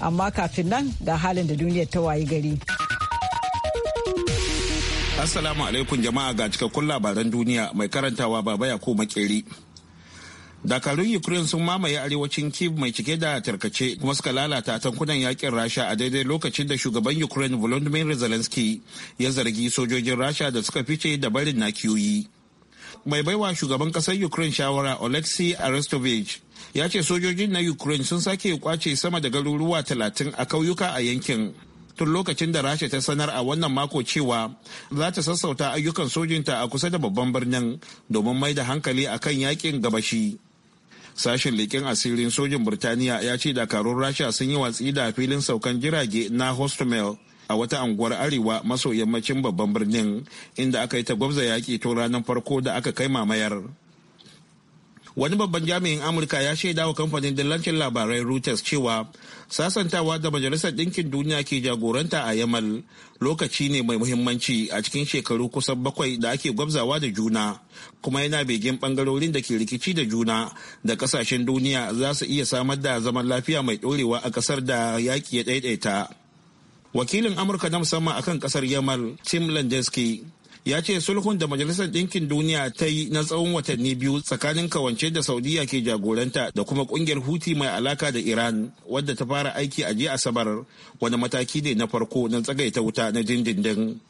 amma kafin nan ga halin da duniyar ta wayi gari. Assalamu alaikum jama'a ga cikakkun labaran duniya mai karantawa baba ya ko makeri. Dakarun Ukraine sun mamaye arewacin Kyiv mai cike da tarkace kuma suka lalata tankunan yakin Rasha a daidai lokacin da shugaban Ukraine Volodymyr Zelensky ya zargi sojojin Rasha da suka fice da barin nakiyoyi. mai baiwa shugaban kasar ukraine shawara alexei arestovich ya ce sojojin na ukraine sun sake kwace sama da garuruwa talatin a kauyuka a yankin tun lokacin da rasha ta sanar a wannan mako cewa za ta sassauta ayyukan sojinta a kusa da babban birnin domin mai da hankali a kan yakin gabashi sashen leƙen asirin sojin burtaniya ya ce dakarun rasha sun yi watsi da filin saukan jirage na hostomel a wata anguwar arewa maso yammacin babban birnin inda aka yi ta gwabza yaƙi tun ranar farko da aka kai mamayar wani babban jami'in amurka ya shaida wa kamfanin dillancin labarai reuters cewa sasantawa da majalisar ɗinkin duniya ke jagoranta a yamal lokaci ne mai muhimmanci a cikin shekaru kusan bakwai da ake gwabzawa da juna kuma yana begen bangarorin da ke rikici da juna da kasashen duniya za su iya samar da zaman lafiya mai ɗorewa a ƙasar da yaƙi ya ɗaiɗaita wakilin amurka na musamman akan kasar yamal tim landeski ya ce sulhun da majalisar ɗinkin duniya ta yi na tsawon watanni biyu tsakanin kawance da saudiya ke jagoranta da kuma kungiyar huti mai alaka da iran wadda ta fara aiki a jiya asabar wani mataki ne na farko na tsagaita wuta na dindindin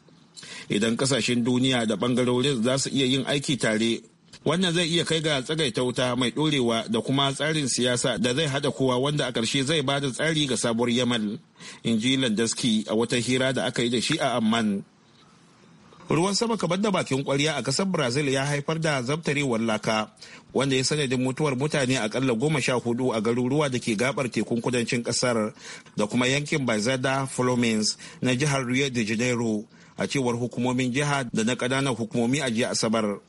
idan kasashen duniya da bangarorin za su iya yin aiki tare wannan zai iya kai ga tsagaita wuta mai ɗorewa da kuma tsarin siyasa da zai hada kowa wanda a ƙarshe zai ba da tsari ga sabuwar yamal in ji landaski a wata hira da aka yi da shi a amman ruwan sama kamar da bakin kwarya a ƙasar brazil ya haifar da zabtarewar laka wanda ya sanadin mutuwar mutane akalla goma sha hudu a garuruwa da ke gabar tekun kudancin ƙasar da kuma yankin bazada flomens na jihar rio de janeiro a cewar hukumomin jiha da na ƙananan hukumomi a jiya asabar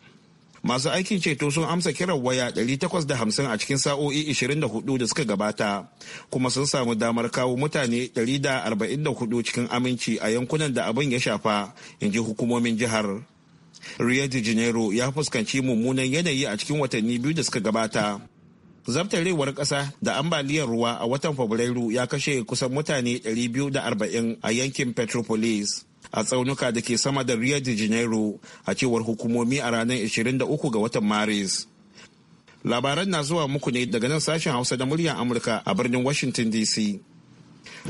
masu aikin ceto sun amsa kiran waya 850 a cikin sa'o'i 24 da suka gabata kuma sun samu damar kawo mutane 144 cikin aminci a yankunan da abin ya shafa in ji hukumomin jihar rio de janeiro ya fuskanci mummunan yanayi a cikin watanni biyu da suka gabata zabtarewar ƙasa da ambaliyar ruwa a watan fabrairu ya kashe kusan mutane 240 a yankin petropolis a tsaunuka da ke sama da rio de janeiro a cewar hukumomi a ranar 23 ga watan maris labaran na zuwa muku ne daga nan sashen hausa da muryar amurka a birnin washington dc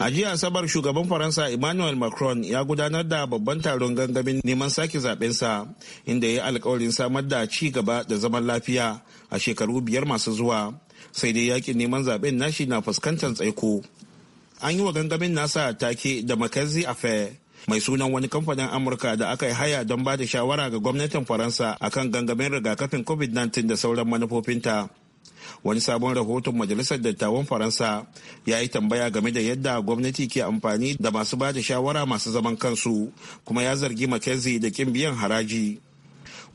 a jiya asabar shugaban faransa emmanuel macron ya gudanar da babban taron gangamin neman sake zabensa inda ya yi alkawarin samar da ci gaba da zaman lafiya a shekaru biyar masu zuwa sai dai yakin neman zaben nashi na fuskantar tsaiko an yi wa gangamin nasa take da makazi affair mai sunan wani kamfanin amurka da aka yi haya don ba da shawara ga gwamnatin faransa akan gangamin rigakafin covid-19 da sauran manufofinta wani sabon rahoton majalisar dattawan faransa ya yi tambaya game da yadda gwamnati ke amfani da masu ba da shawara masu zaman kansu kuma ya zargi mackenzie da kin biyan haraji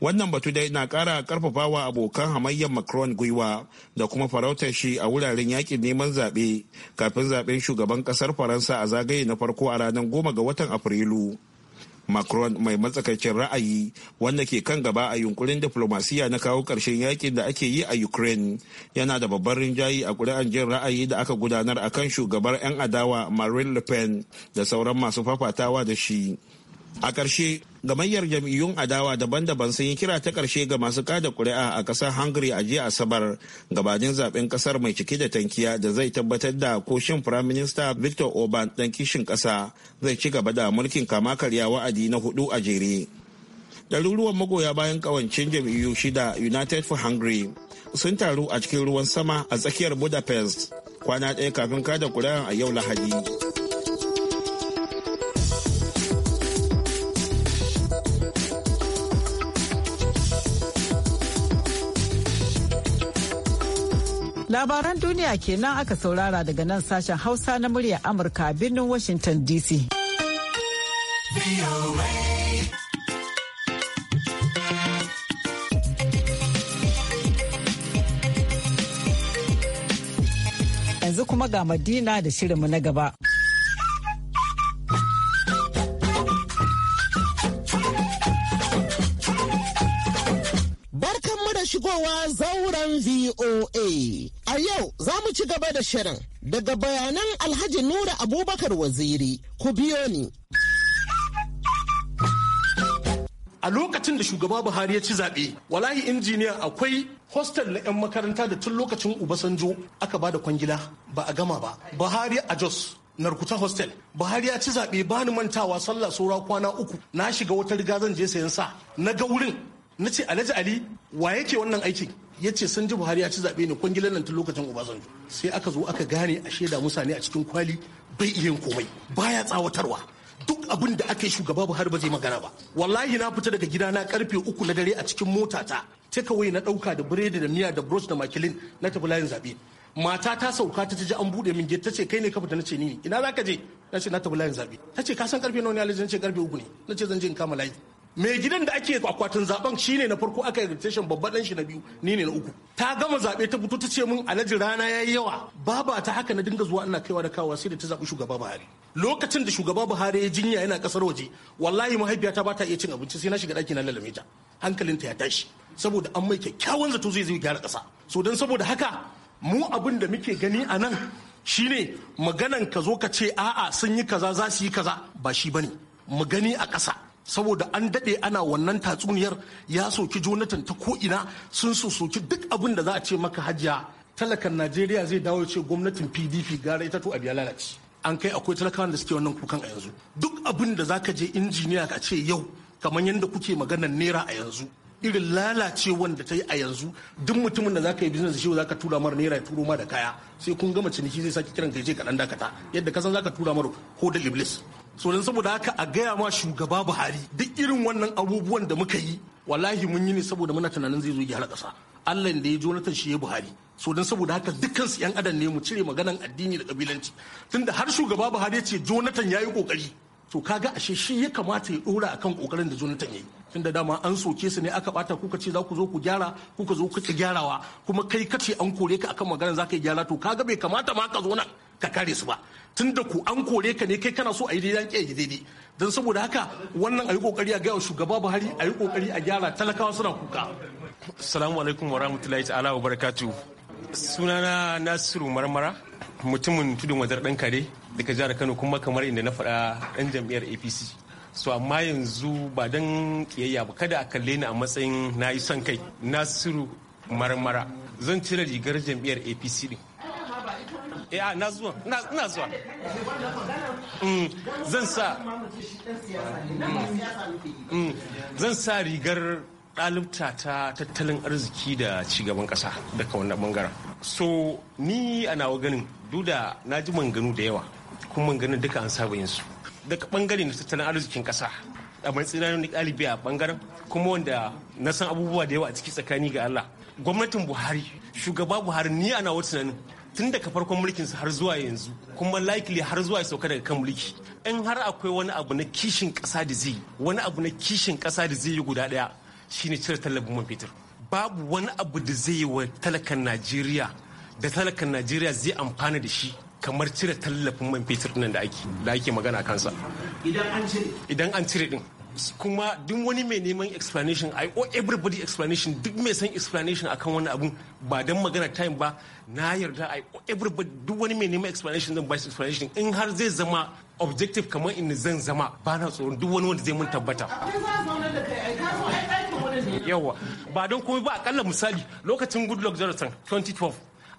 wannan batu dai na kara karfafawa abokan hamayyar macron gwiwa da kuma farautar shi a wuraren yakin neman zaɓe kafin zaɓen shugaban ƙasar faransa a zagaye na farko a ranar goma ga watan afrilu macron mai matsakaicin ra'ayi wanda ke kan gaba a yunkurin diflomasiya na kawo ƙarshen yakin da ake yi a ukraine yana da babban rinjayi a ƙuri'an jin ra'ayi da aka gudanar a kan shugabar 'yan adawa marine le pen da sauran masu fafatawa da shi a ƙarshe gamayyar jam'iyyun adawa daban-daban sun yi kira ta ƙarshe ga masu kada kuri'a a ƙasar hungary a jiya asabar gabanin zaben ƙasar mai cike da tankiya da zai tabbatar da ko shin prime minister victor orban dan kishin ƙasa zai ci gaba da mulkin kama karya wa'adi na hudu a jere ɗaruruwan magoya bayan ƙawancin jam'iyyu shida united for hungary sun taru a cikin ruwan sama a tsakiyar budapest kwana ɗaya kafin kada kuri'a a yau lahadi Labaran duniya kenan aka saurara daga nan sashen Hausa na muryar Amurka a birnin Washington DC. Yanzu kuma ga Madina da shirinmu na gaba. VOA. A yau za mu ci gaba da shirin daga bayanan Alhaji Nura Abubakar Waziri. Ku biyo ni. a lokacin da shugaba buhari ya ci zaɓe walahi injiniya akwai hostel na 'yan makaranta da tun lokacin ubasanjo aka ba da kwangila ba a gama ba buhari a jos narkuta hostel buhari ya ci zaɓe ba ni mantawa sallah saura kwana uku na shiga wata riga zan je sayan sa na ga wurin na ce alhaji ali wa yake wannan aikin ya ce sun ji buhari ya ci zaɓe ne kwangilan nan tun lokacin obasanjo sai aka zo aka gane a shaida musa ne a cikin kwali bai iya komai baya tsawatarwa duk abin da aka yi shugaba buhari ba zai magana ba wallahi na fita daga gidana karfe uku na dare a cikin mota ta takeaway na ɗauka da biredi da miya da brush da makilin na tafi layin zaɓe mata ta sauka ta ji an bude min ta ce kai ne ka fita na ce ni ina za ka je na ce na tafi layin zaɓe ta ce ka san karfe nawa ne alhaji na ce karfe uku ne na ce zan je in kama layi mai gidan da ake akwatin zaben shine na farko aka registration babban dan shi na biyu ni ne na uku ta gama zabe ta fito ta ce mun alhaji rana yayi yawa baba ta haka na dinga zuwa ina kaiwa da kawa sai da ta zabi shugaba Buhari lokacin da shugaba Buhari ya jinya yana kasar waje wallahi mahaifiyata ba ta iya cin abinci sai na shiga daki na lalame ta hankalinta ya tashi saboda an mai kyakkyawan zato zai zai gyara kasa so dan saboda haka mu abin da muke gani a nan shine maganan ka zo ka ce a'a sun yi kaza za su yi kaza ba shi bane mu gani a kasa saboda an daɗe ana wannan tatsuniyar ya soki jonathan ta ko'ina sun soki duk abin da za a ce maka hajiya talakan najeriya zai dawo ce gwamnatin pdp gara ita to a biya lalace an kai akwai talakawan da suke wannan kukan a yanzu duk abin da za ka je injiniya ka ce yau kamar yadda kuke maganar nera a yanzu irin lalacewan da ta yi a yanzu duk mutumin da za ka yi business shi ka tura mara naira ya turo ma da kaya sai kun gama ciniki zai sake kiran kai je ka dan dakata yadda ka san ka tura mara ko da iblis so saboda haka a gaya ma shugaba buhari duk irin wannan abubuwan da muka yi wallahi mun yi ne saboda muna tunanin zai zo gyara ƙasa allah da ya jonathan shi ya buhari so saboda haka dukkan su yan adam ne mu cire maganan addini da kabilanci tunda har shugaba buhari ya ce jonathan ya yi kokari to kaga ashe shi ya kamata ya dora akan kokarin da jonathan ya yi tunda dama an soke su ne aka bata kuka ce za ku zo ku gyara kuka zo kuka gyarawa kuma kai kace an kore ka akan maganar za ka yi gyara to kaga bai kamata ma ka zo nan ka kare su ba tun da ku an kore ka ne kai kana so a yi daidai ke yi daidai don saboda haka wannan ayi kokari a gaya shugaba buhari ayi yi kokari a gyara talakawa suna kuka assalamu alaikum wa rahmatullahi ta'ala wa barakatu sunana nasiru marmara mutumin tudun Wazar dan kare daga jihar kano kuma kamar inda na faɗa ɗan jam'iyyar apc so amma yanzu ba dan kiyayya ba kada a kalle ni a matsayin na yi son kai nasiru marmara zan cire rigar jam'iyyar apc din Eh, a ah, na zuwa ina zuwa mm, zan sa mm, mm, zan sa rigar ɗalibta ta tattalin arziki da cigaban ƙasa daga wannan bangaren so ni a nawa ganin duda na ji manganu da yawa kuma manganin duka an saba yin su daga bangare na tattalin arzikin ƙasa a matsayin na ɗalibi a bangaren kuma wanda na san abubuwa da yawa a ciki tsakani ga Allah gwamnatin buhari shugaba buhari ni ana wata tunanin tun daga farkon mulkin su har zuwa yanzu kuma likely har zuwa ya sauka daga kan mulki in har akwai wani abu na kishin kasa da zai wani abu na kishin kasa da zai yi guda daya shine cire tallafin man fetur babu wani abu da zai yi wa talakan Najeriya da talakan Najeriya zai amfana da shi kamar cire tallafin man fetur nan da ake magana kansa idan an cire din kuma duk wani mai neman explanation i owe everybody explanation duk mai san explanation akan wani abu ba dan magana time ba na yarda i owe everybody duk wani mai neman explanation zan ba explanation in har zai zama objective kamar in zan zama ba na tsoron duk wani wanda zai mun tabbata yawa ba don komai ba akalla misali lokacin good goodluck jonathan 2012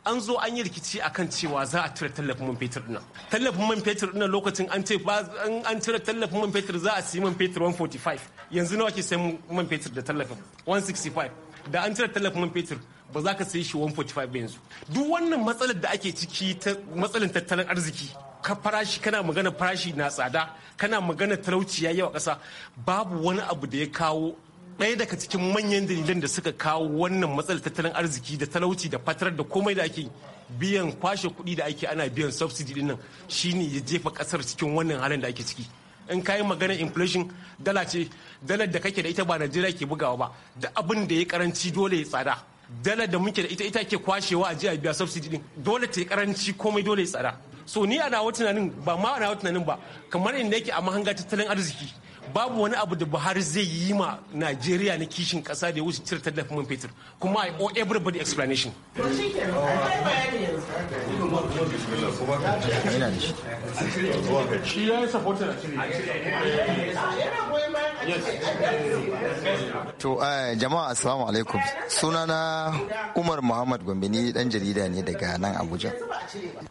an zo an yi rikici akan cewa za a cire tallafin man fetur dinnan tallafin man fetur dinnan lokacin an ce an cire tallafin man fetur za a siyi man fetur 145 yanzu nawa ke sayan man fetur da tallafin 165 da an cire tallafin man fetur ba za ka sayi shi 145 yanzu duk wannan matsalar da ake ciki ta matsalar tattalin arziki ka farashi kana magana farashi na tsada kana magana talauci ya yawa ƙasa babu wani abu da ya kawo ɗaya daga cikin manyan dalilan da suka kawo wannan matsalar tattalin arziki da talauci da fatarar da komai da ake biyan kwashe kuɗi da ake ana biyan subsidy din nan shine ya jefa ƙasar cikin wannan halin da ake ciki in kayi maganar inflation dala ce dalar da kake da ita ba najeriya ke bugawa ba da abin da ya karanci dole ya tsada dalar da muke da ita ita ke kwashewa a jiya biya subsidy din dole ta yi karanci komai dole ya tsada so ni ana wa tunanin ba ma ana wa tunanin ba kamar inda yake a mahanga tattalin arziki babu wani abu da buhari zai yi ma najeriya na kishin kasa da ya wuce cire tallafin man fetur kuma i owe everybody explanation shi ya yi To eh, jama'a assalamu alaikum sunana Umar Muhammad Gombe ni dan jarida ne daga nan Abuja.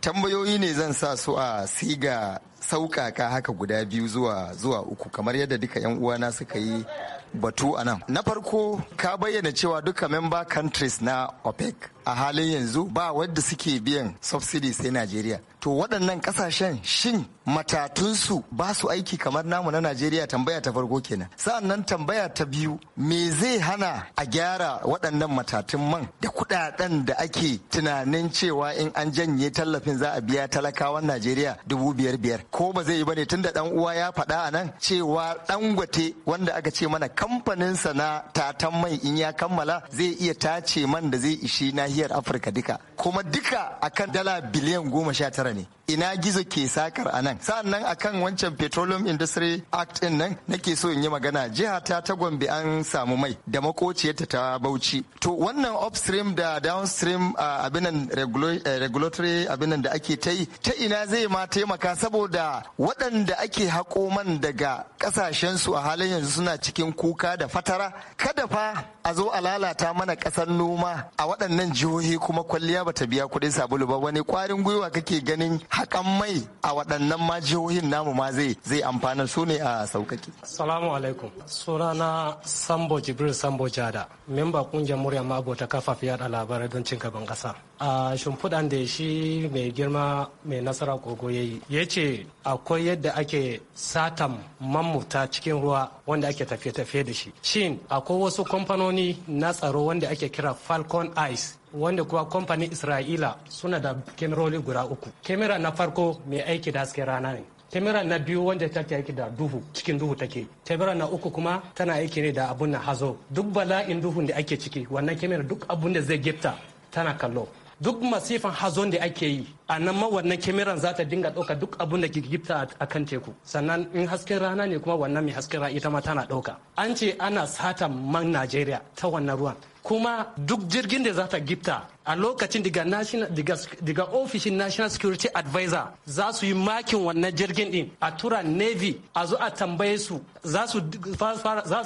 Tambayoyi ne zan sa su a siga sauƙaƙa haka guda biyu zuwa zuwa uku kamar yadda duka 'yan uwana suka yi batu a nan. Na farko ka bayyana cewa duka memba countries na OPEC a halin yanzu ba wadda suke biyan subsidy sai Najeriya. To waɗannan ƙasashen shin matatunsu ba su aiki kamar namu na Najeriya tambaya ta farko kenan. Sa'annan tambaya ta biyu me zai hana a gyara waɗannan matatun man da kuɗaɗen da ake tunanin cewa in an janye tallafin za a biya talakawan Najeriya dubu biyar biyar. Ko ba zai yi bane tunda ɗan uwa ya faɗa a nan cewa dangote wanda aka ce mana kamfaninsa na tatan mai in ya kammala zai iya tace man da zai ishi nahi nahiyar afirka duka kuma duka akan dala biliyan goma sha tara ne ina gizo ke sakar a nan sa'an nan akan wancan petroleum industry act din nan nake so in yi magana jiha ta ta gombe an samu mai da makociyarta ta bauchi to wannan upstream da downstream uh, abinan eh, regulatory abinan da ake ta yi ta ina zai ma taimaka saboda waɗanda ake haƙo man daga ƙasashen su a halin yanzu suna cikin kuka da fatara kada fa a zo a lalata mana ƙasar noma a waɗannan jihohi kuma kwalliya bata biya kuɗin sabulu ba wani kwarin gwiwa kake ganin hakan mai a waɗannan ma jihohin namu ma zai zai amfana su ne a saukaki. Salamu alaikum. Sunana Sambo Jibril Sambo Jada, memba kungiyar murya kafa fiye yaɗa labarai don cin gaban ƙasa. a shimfiɗan da shi mai girma mai nasara kogo ya yi ya ce akwai yadda ake satan mamuta cikin ruwa wanda ake tafiye-tafiye da shi shin akwai wasu kamfanoni na tsaro wanda ake kira falcon ice wanda kuma kamfanin isra'ila suna da kemiroli guda uku kemira na farko mai aiki da hasken rana ne kemira na biyu wanda take aiki da duhu cikin duhu take kemira na uku kuma tana aiki ne da abun na hazo duk bala'in duhun da ake ciki wannan kemira duk abun da zai gifta tana kallo duk masifan hazon da ake yi a nan ma wannan kemiran za ta dinga ɗauka duk abun da ke gifta a kan teku sannan in hasken rana ne kuma wannan mai hasken rana ita ma tana ɗauka an ce ana satan man najeriya ta wannan ruwan kuma duk jirgin da za ta gifta a lokacin daga ofishin national security advisor za su yi makin wannan jirgin din a tura navy a zo a tambaye su za su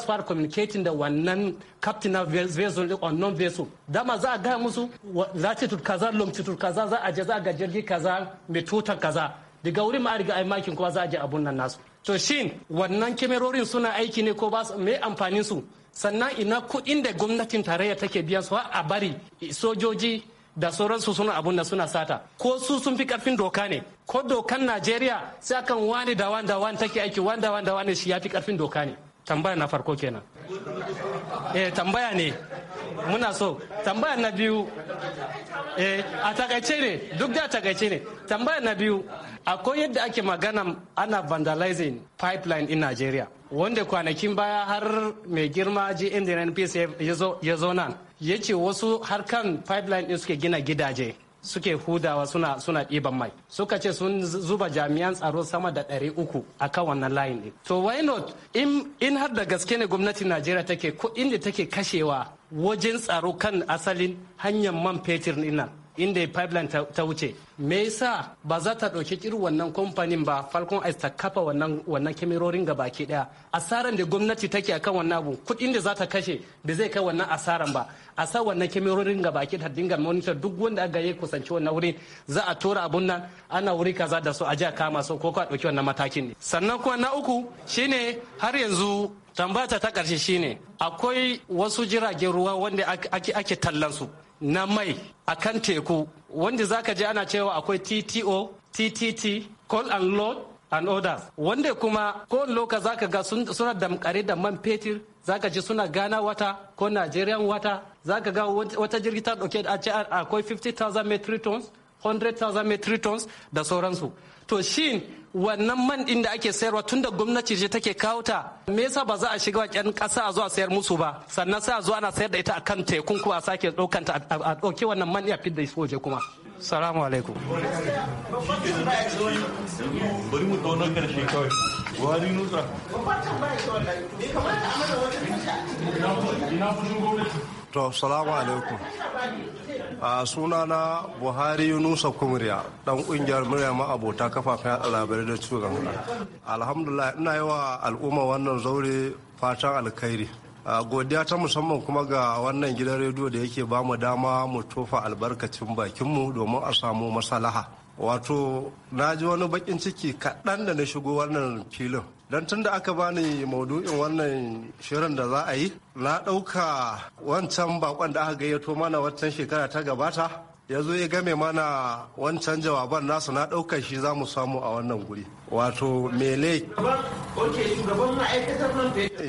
fara communicating da wannan captain na vessel unknown vessel dama za a gaya musu latitude kaza longitude kaza za a je za a ga jirgi kaza mai tutar kaza daga wurin ma riga ai makin kuma za a je abun nan nasu to shin wannan kemerorin suna aiki ne ko ba mai amfanin su sannan ina kuɗin da gwamnatin tarayya take biyan su a bari sojoji da sauransu suna abun da suna sata ko su sun fi karfin doka ne ko dokan najeriya sai akan wani da wanda wani take aiki wanda wanda wani shi ya fi karfin doka ne tambaya na farko kenan eh tambaya ne muna so tambaya na biyu eh a takaice ne duk da takaice ne tambaya na biyu akwai yadda ake magana ana vandalizing pipeline in Nigeria wanda kwanakin baya har mai girma GNDNPC ya zo nan ya ce wasu harkan pipeline din suke gina gidaje suke hudawa suna suna ɗiban mai suka ce sun zuba jami'an tsaro sama da ɗari uku a kan wannan layin ɗin to why not in, har da gaske ne gwamnatin najeriya take ko inda take kashewa wajen tsaro kan asalin hanyar man fetur ɗin nan inda pipeline ta wuce me yasa ba za ta ɗauki irin wannan kamfanin ba falcon ice ta kafa wannan wannan ga baki daya asaran da gwamnati take akan wannan abu kuɗin da za ta kashe da zai kai wannan asaran ba a sa wannan kemerorin ga baki ta dinga monitor duk wanda aka yi kusanci wannan wurin za a tura abun nan ana wuri kaza da su a a kama su ko ka ɗauki wannan matakin ne sannan kuma na uku shine har yanzu tambata ta ƙarshe shine akwai wasu jiragen ruwa wanda ake tallan su na mai a kan teku wanda za ka je ana cewa akwai tto ttt call and load and others wanda kuma kowane loka ka ga suna damkare da man fetur za ka ji suna gana wata ko nigerian wata za ka ga wata jirgi ta dauke da akwai 50,000 metric tons 100,000 metric tons da sauransu to shin wannan man din da ake sayarwa tun da gwamnati ce take kawo ta me yasa ba za a shiga wajen kasa a zo a sayar musu ba sannan sai a zo ana sayar da ita akan tekun kuma a sake daukan ta a dauki wannan man ya fidda su waje kuma salamu alaikum bari mu tona karshe kawai wani nutsa ina fushin gwamnati To, salamu alaikum. A sunana Buhari Yunusa Kumriya, dan kungiyar murya ma abota kafafen yada labarai da cikin Alhamdulillah ina yi wa al'umma wannan zaure fatan alkhairi. godiya ta musamman kuma ga wannan gidan rediyo da yake ba mu dama mu tofa albarkacin bakinmu domin a samu masalaha wato na ji wani bakin ciki kaɗan da na shigo wannan filin don tun da aka bani maudu'in wannan shirin da za a yi na ɗauka wancan bakon da aka gayyato mana watan shekara ta gabata ya zo ya game mana wancan jawaban nasu na ɗauka shi za mu samu a wannan guri wato mele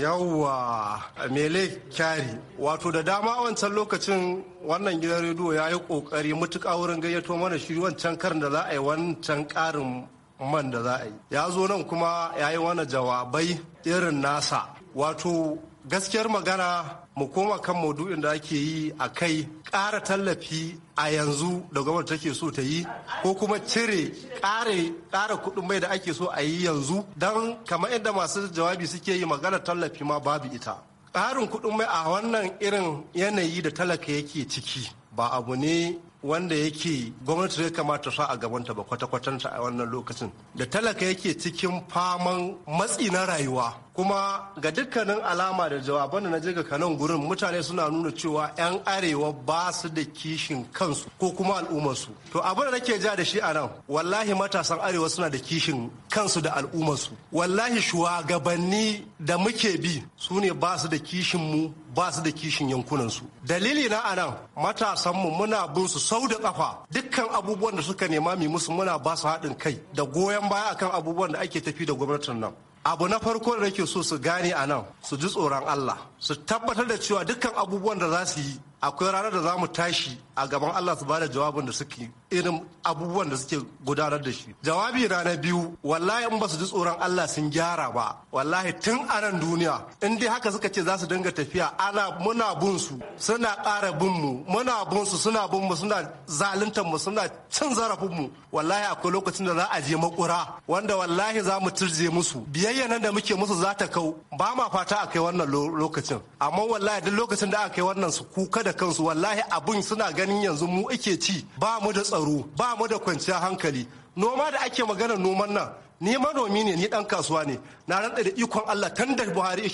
yawwa mele kyari wato da dama wancan lokacin wannan gidan rediyo ya yi ƙoƙari matuƙa wurin gayyato mana shi wancan karin da za a yi wancan ƙarin man da za a yi ya zo nan kuma ya yi wani jawabai irin nasa wato gaskiyar magana mu koma kan maudu'in da ake yi a kai ƙara tallafi a yanzu da gwamnati take so ta yi ko kuma cire ƙara ƙara kuɗin mai da ake so a yi yanzu don kamar yadda masu jawabi suke yi magana tallafi ma babu ita ƙarin kuɗin mai a wannan irin yanayi da talaka yake ciki ba abu ne wanda yake gwamnati ya kamata sa a gabanta ba kwata-kwatanta a wannan lokacin da talaka yake cikin faman matsi na rayuwa kuma ga dukkanin alama da jawaban da na je ga kanan gurin mutane suna nuna cewa 'yan arewa ba su da kishin kansu ko kuma al'ummarsu to abin da nake ja da shi a nan wallahi matasan arewa suna da kishin kansu da al'ummarsu wallahi shugabanni da muke bi su ne ba su da kishin mu ba su da kishin yankunansu dalili na anan matasanmu muna bin su sau da kafa dukkan abubuwan da suka nema mi musu muna ba su haɗin kai da goyon baya akan abubuwan da ake tafi da gwamnatin nan abu na farko da nake so su gane a nan su ji tsoron Allah su tabbatar da cewa dukkan abubuwan da za su yi akwai ranar da za mu tashi a gaban Allah su bada jawabin da suke irin abubuwan da suke gudanar da shi jawabi na na biyu wallahi in ba su ji tsoron Allah sun gyara ba wallahi tun a nan duniya in dai haka suka ce za su dinga tafiya ana muna bin su suna ƙara bin mu muna bin su suna bin mu suna zaluntar mu suna cin zarafin mu wallahi akwai lokacin da za a je makura wanda wallahi za mu turje musu biyayya nan da muke musu za ta kau ba ma fata a kai wannan lokacin amma wallahi duk lokacin da aka kai wannan su kuka da kansu wallahi abun suna gani ganin yanzu mu ake ci ba mu da tsaro ba mu da kwanciyar hankali noma da ake magana noman nan ni manomi ne ni dan kasuwa ne na rantsa da ikon Allah tun da Buhari ya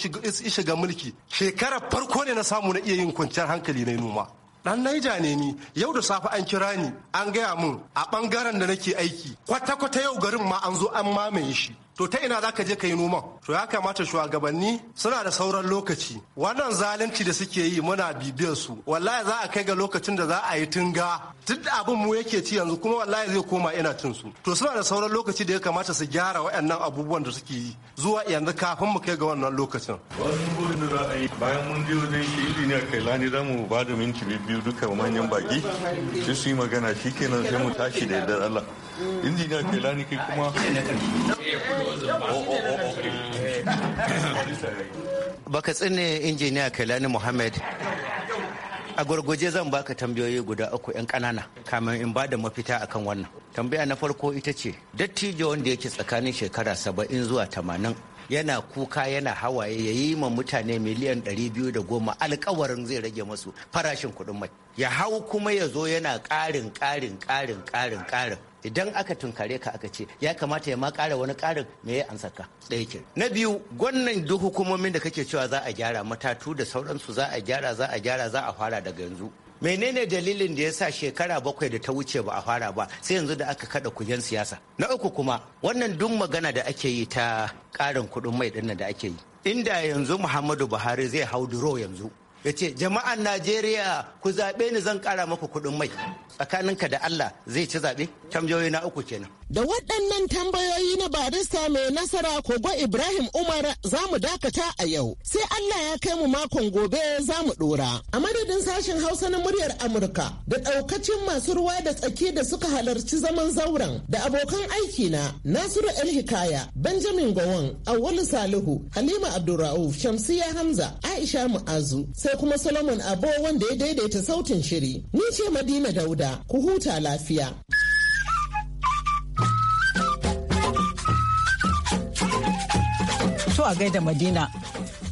shiga mulki shekarar farko ne na samu na iya yin kwanciyar hankali na noma dan naija ne ni yau da safe an kira ni an gaya mun a bangaren da nake aiki kwata-kwata yau garin ma an zo an mamaye shi to ta ina za ka je ka yi noman to ya kamata shugabanni suna da sauran lokaci wannan zalunci da suke yi muna bibiyar su wallahi za a kai ga lokacin da za a yi tunga duk abin mu yake ci yanzu kuma wallahi zai koma ina cin su to suna da sauran lokaci da ya kamata su gyara waɗannan abubuwan da suke yi zuwa yanzu kafin mu kai ga wannan lokacin wannan burin da za a yi bayan mun je wajen shi ili ne kai lani za mu ba da minti biyu duka manyan baki shi su yi magana shi kenan sai mu tashi da yardar Allah injiniya kai lani kai kuma baka tsine injiniya kailani muhammad a gwargwaje zan baka tambayoyi guda uku 'yan ƙanana kamin in bada mafita akan wannan tambaya na farko ita ce dattijo wanda yake tsakanin shekara saba'in zuwa tamanin yana kuka yana hawaye ya yi ma mutane miliyan biyu da goma alkawarin zai rage masu farashin kuɗin mai ya hau kuma ya zo yana ƙarin ƙarin ƙarin ƙarin ƙarin idan aka tunkare ka aka ce ya kamata ya ma kara wani ƙarin me ya ansa ka ɗaya ke na biyu gwannan duk hukumomin da kake cewa za a gyara matatu da sauransu za a gyara za a gyara za a fara daga yanzu menene dalilin da ya sa shekara bakwai da ta wuce ba a fara ba sai yanzu da aka kada kujen siyasa na uku kuma wannan duk magana da ake yi ta ƙarin kuɗin mai ɗin da ake yi inda yanzu muhammadu buhari zai hau duro yanzu ya ce jama'an najeriya ku zaɓe ni zan ƙara maku kuɗin mai tsakaninka da allah zai ci zaɓe tambayoyi na uku kenan da waɗannan tambayoyi na barista mai nasara kogo ibrahim umar za mu dakata a yau sai allah ya kai mu makon gobe za mu ɗora a madadin sashen hausa na muryar amurka da ɗaukacin masu ruwa da tsaki da suka halarci zaman zauren da abokan aiki na nasiru el hikaya benjamin gowon awwalu salihu halima abdulrahu shamsiya hamza aisha mu'azu sai da kuma Solomon Abo wanda ya daidaita sautin shiri. Ni ce Madina Dauda, ku huta lafiya. To a gaida Madina.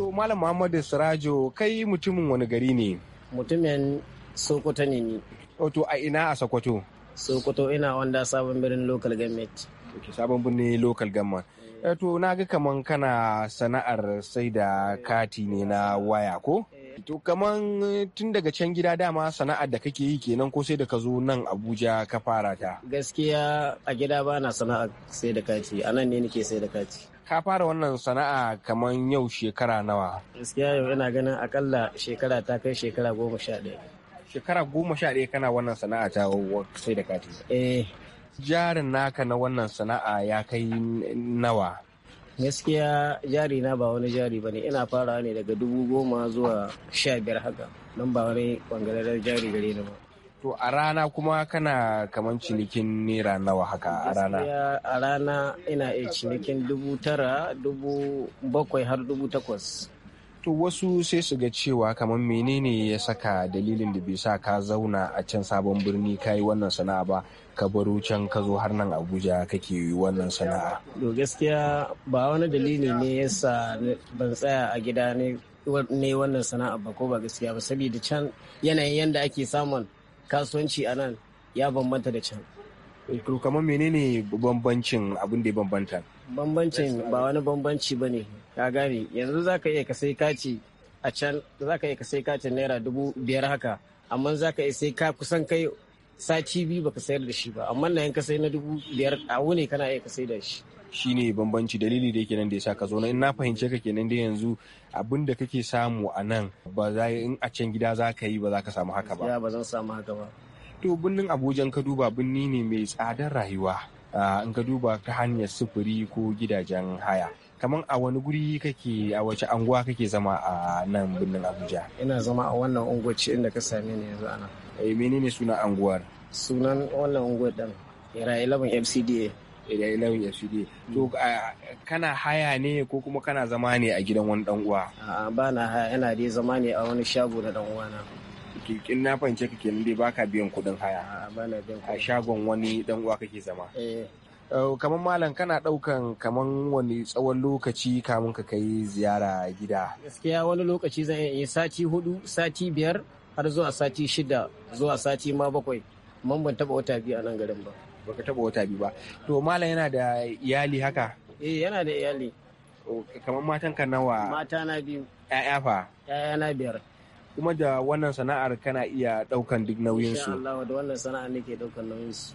To Malam Muhammadu Sirajo kai mutumin wani gari ne? Mutumin Sokoto ne ni. Wato oh, a ina a Sokoto? Sokoto ina wanda sabon birnin local government. Ok sabon birnin local government. Mm. To na ga kaman kana sana'ar sai da kati ne na waya ko? To kaman eh, tun daga can gida dama sana'ar da kake yi kenan ko sai da ka zo nan Abuja ka fara ta? Gaskiya a gida ba na sana'ar sai da kati, a nan ne nake sai da kati. ka fara wannan sana'a kamar yau shekara nawa gaskiya yau ina ganin akalla shekara ta kai shekara goma sha ɗaya shekara goma sha ɗaya kana wannan sana'a ta sai da kati eh jarin naka na wannan sana'a ya kai nawa gaskiya jari na ba wani jari ba ne ina farawa ne daga dubu goma zuwa sha biyar haka nan ba wani bangararren jari gare ni ba To a rana kuma kana kamar cinikin naira nawa haka a rana? A rana ina iya cinikin dubu tara, dubu bakwai har dubu takwas. To wasu sai su ga cewa kamar menene ya saka dalilin da bai sa ka zauna a can sabon birni ka yi wannan sana'a ba ka baro can ka zo har nan Abuja kake yi wannan sana'a. To gaskiya ba wani dalili ne ya sa ban tsaya a gida ne wannan sana'a ba ko ba gaskiya ba saboda can yanayin yanda ake samun kasuwanci a nan ya bambanta da can to kamar menene bambancin abin da ya bambanta bambancin ba wani bambanci ba ne ka gane yanzu za ka iya kasai sai kaci a can za ka iya sai kacin naira dubu biyar haka amma za ka iya sai ka kusan kai sati biyu baka sayar da shi ba amma na yanka sai na dubu biyar a wuni kana iya kasai da shi shine bambanci dalili da yake nan da ya sa ka zo in na fahimce ka kenan da yanzu abin da kake samu a nan ba za in a can gida za ka yi ba za ka samu haka ba ba zan samu haka ba to birnin abuja ka duba birni ne mai tsadar rayuwa in ka duba ta hanyar sufuri ko gidajen haya kamar a wani guri kake a wace anguwa kake zama a nan birnin abuja ina zama a wannan unguwaci inda ka same ni yanzu ana eh menene sunan anguwar sunan wannan unguwar din ira 11 fcda 11 SUD to hmm. kana haya ne ko kuma kana zama ne a gidan wani dan uwa a'a ba na haya yana dai zama ne a wani shago na dan na kin na fahimce ka kenan dai baka biyan kuɗin haya a'a ba na biyan a shagon wani dan uwa kake zama eh kamar malam kana daukan kamar wani tsawon lokaci kamun ka kai ziyara gida gaskiya wani lokaci zan iya sati hudu sati biyar har zuwa sati shida zuwa sati ma bakwai man ban taba wata biyu a nan garin ba baka taba wata biyu ba to malam yana da iyali haka eh yana da iyali kamar matan ka nawa mata na biyu ƴaƴa fa ƴaƴa na biyar kuma da wannan sana'ar kana iya daukan duk nauyin su insha Allah da wannan sana'ar nake daukan nauyin su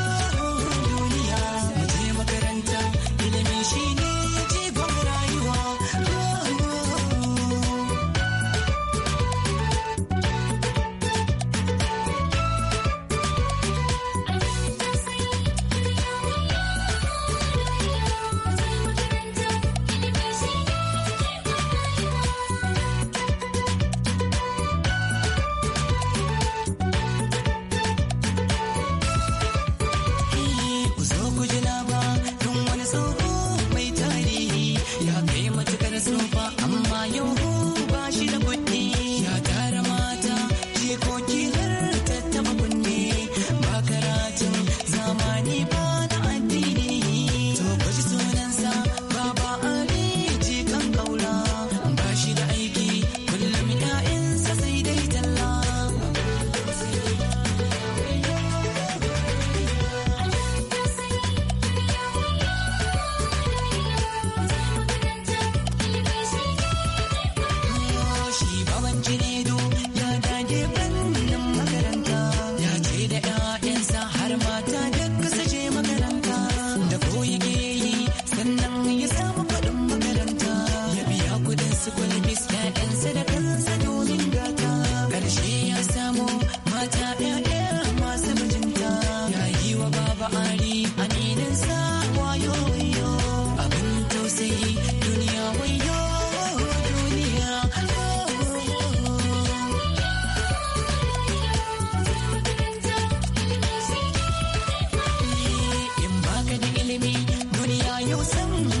yau san